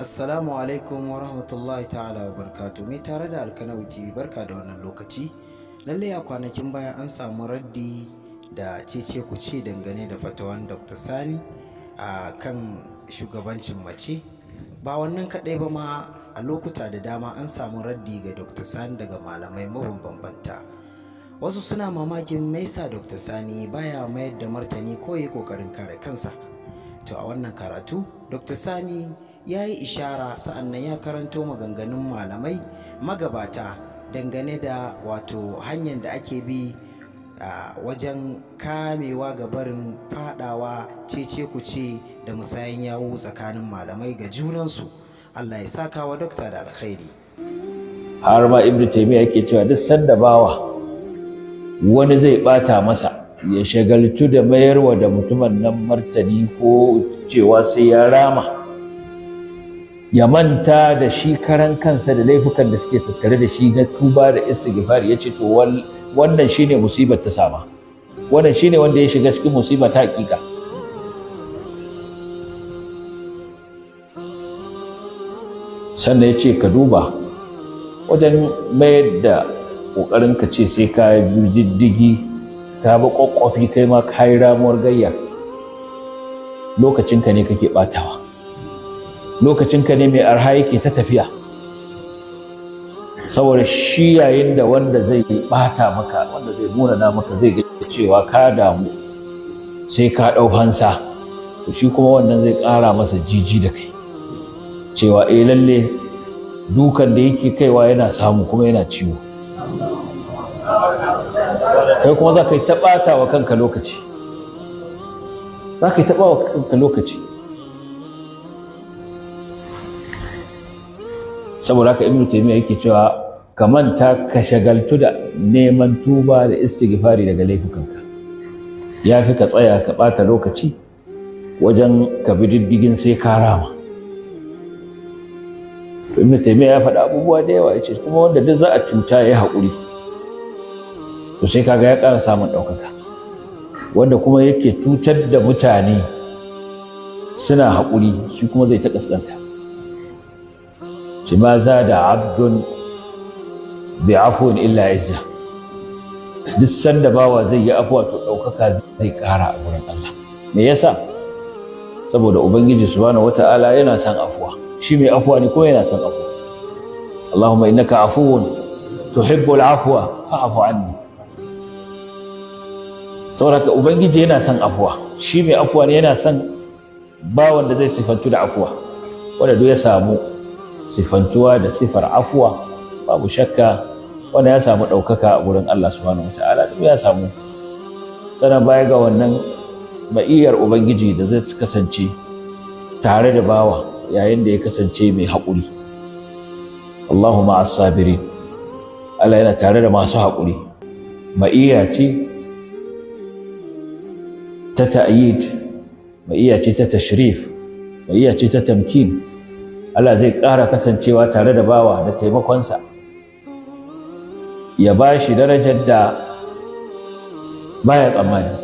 Assalamu alaikum wa rahmatullahi ta'ala wa barkatu mai tare da alkanawi TV barka da wannan lokaci lalle a kwanakin baya an samu raddi da cece ku ce dangane da fatawan Dr. Sani a kan shugabancin mace ba wannan kadai ba ma a lokuta da dama an samu raddi ga Dr. Sani daga malamai mabambanta wasu suna mamakin maisa Dr. Sani baya mayar da martani ko yi kokarin kare kansa to a wannan karatu Dr. Sani ya yi ishara sa'annan ya karanto maganganun malamai magabata dangane da wato hanyar da ake bi uh, wajen kamewa ga barin fadawa cece ce da musayin yawo tsakanin malamai ga junansu Allah ya saka wa dokta da alkhairi har ma ibnu taymiya yake cewa duk sanda bawa wani zai bata masa ya shagaltu da mayarwa da mutumin nan martani ko cewa sai ya rama ya manta da shi karan kansa da laifukan da suke tattare da shi na tuba da istighfar ya ce to wannan shine musibar ta sama wannan shine wanda ya shiga cikin musiba ta hakika sannan ya ce ka duba wajen mayar da ƙoƙarin ka ce sai ka yi diddigi ka ba ƙwaƙwafi kai ma ka yi ramuwar gayya lokacinka ne kake ɓatawa lokacinka ne mai arha yake ta tafiya saboda shi yayin da wanda zai bata maka wanda zai munana maka zai ga cewa ka damu sai ka ɗau fansa to shi kuma wannan zai ƙara masa jiji da kai cewa eh lalle dukan da yake kaiwa yana samu kuma yana ciwo kai kuma za ka yi ta ɓata wa kanka lokaci za ka yi ta wa kanka lokaci saboda haka ibnu taymiya yake cewa ka manta ka shagaltu da neman tuba da istighfari daga laifukanka ya fi ka tsaya ka bata lokaci wajen ka bi diddigin sai ka rama to ibnu taymiya ya faɗa abubuwa da yawa yace kuma wanda duk za a cuta ya haƙuri to sai kaga ya ƙara samun ɗaukaka wanda kuma yake cutar da mutane suna haƙuri shi kuma zai ta ƙasƙanta shi ma za da abdun bi afuwin illa izza duk sanda bawa zai yi afuwa to ɗaukaka zai ƙara a wurin Allah me yasa saboda ubangiji subhanahu wata'ala yana son afuwa shi mai afuwa ne ko yana son afuwa Allahumma innaka afuwun tuhibbul afwa fa'fu anni saboda ubangiji yana son afuwa shi mai afuwa ne yana son bawan da zai sifantu da afuwa wanda duk ya samu sifantuwa da sifar afuwa babu shakka wanda ya samu ɗaukaka a wurin Allah subhanahu wa ta'ala duk ya samu sannan baya ga wannan maiyar ubangiji da zai kasance tare da bawa yayin da ya kasance mai haƙuri Allahumma as sabirin Allah yana tare da masu haƙuri ma'iya ce ta ta'yid ma'iya ce ta tashrif ma'iya ce ta tamkin Allah zai ƙara kasancewa tare da bawa da taimakonsa ya ba shi darajar da baya tsammani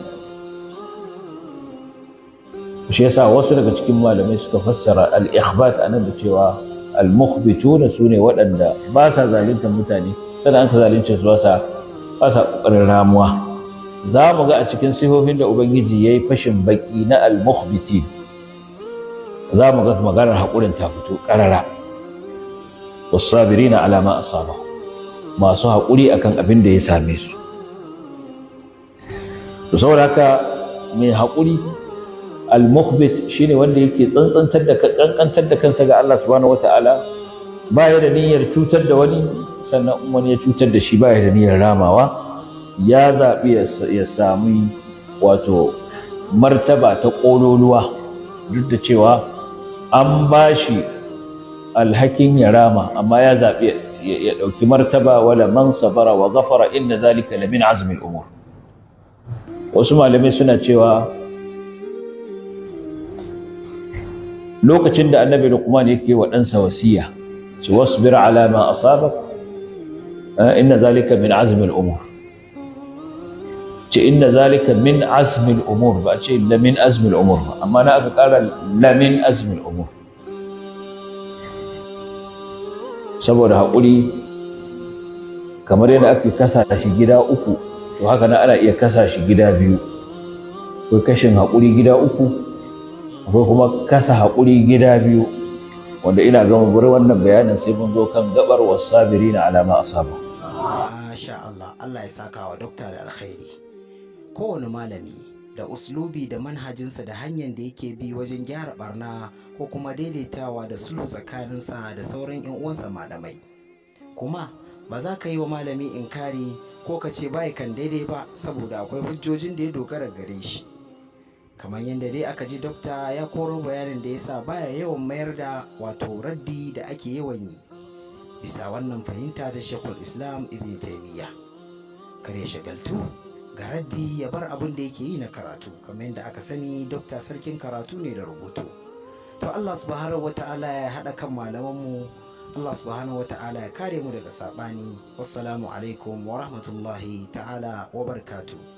shi yasa wasu daga cikin malamai suka fassara al-ikhbat anan da cewa al-mukhbituna sune waɗanda ba sa zaluntar mutane sannan an ka zalunce su ba sa ƙoƙarin ramuwa za mu ga a cikin sifofin da ubangiji ya yi fashin baki na al-mukhbitin za mu ga maganar haƙurin ta fito ƙarara wasabirina alama a asaba masu haƙuri akan abin da ya same su to saboda haka mai haƙuri al-mukhbit shine wanda yake tsantsantar da kankantar da kansa ga Allah subhanahu wata'ala baya da niyyar cutar da wani sannan wani ya cutar da shi baya da niyyar ramawa ya zaɓi ya sami wato martaba ta ƙololuwa duk da cewa an ba shi alhakin ya rama amma ya zaɓi ya ɗauki martaba wala man sabara wa ghafara inna zalika lamin azumin umur wasu malamai suna cewa lokacin da annabi luqman yake wa ɗansa wasiya su wasbir ala ma asabak eh, inna zalika min azumin umur ce inna zalika min azmil umur ba ce la min azmil umur ba amma na aka kara la min azmil umur saboda haƙuri kamar yadda ake kasa shi gida uku to haka na ana iya kasa shi gida biyu akwai kashin haƙuri gida uku akwai kuma kasa haƙuri gida biyu wanda ina gama bari wannan bayanin sai mun zo kan gabar na alama asaba masha Allah Allah ya saka wa dokta da alkhairi kowane malami da uslubi da manhajinsa da hanyar da yake bi wajen gyara barna ko kuma daidaitawa da sulhu tsakaninsa da sauran 'yan uwansa malamai kuma ba za ka yi wa malami inkari ko ka ce bai kan daidai ba saboda akwai hujjojin da ya dogara gare shi kamar yadda dai aka ji dokta ya koro bayanin da ya sa baya yawan mayar da wato raddi da ake yawan yi bisa wannan fahimta ta shekul islam ibn taimiyya kare shagaltu garadi ya bar abin da yake yi na karatu kamar yadda aka sani dokta sarkin karatu ne da rubutu to Allah subhanahu wata'ala ya haɗa kan malaman mu. Allah subhanahu wata'ala ya kare mu daga saɓani wassalamu alaikum wa rahmatullahi ta'ala wa barkatu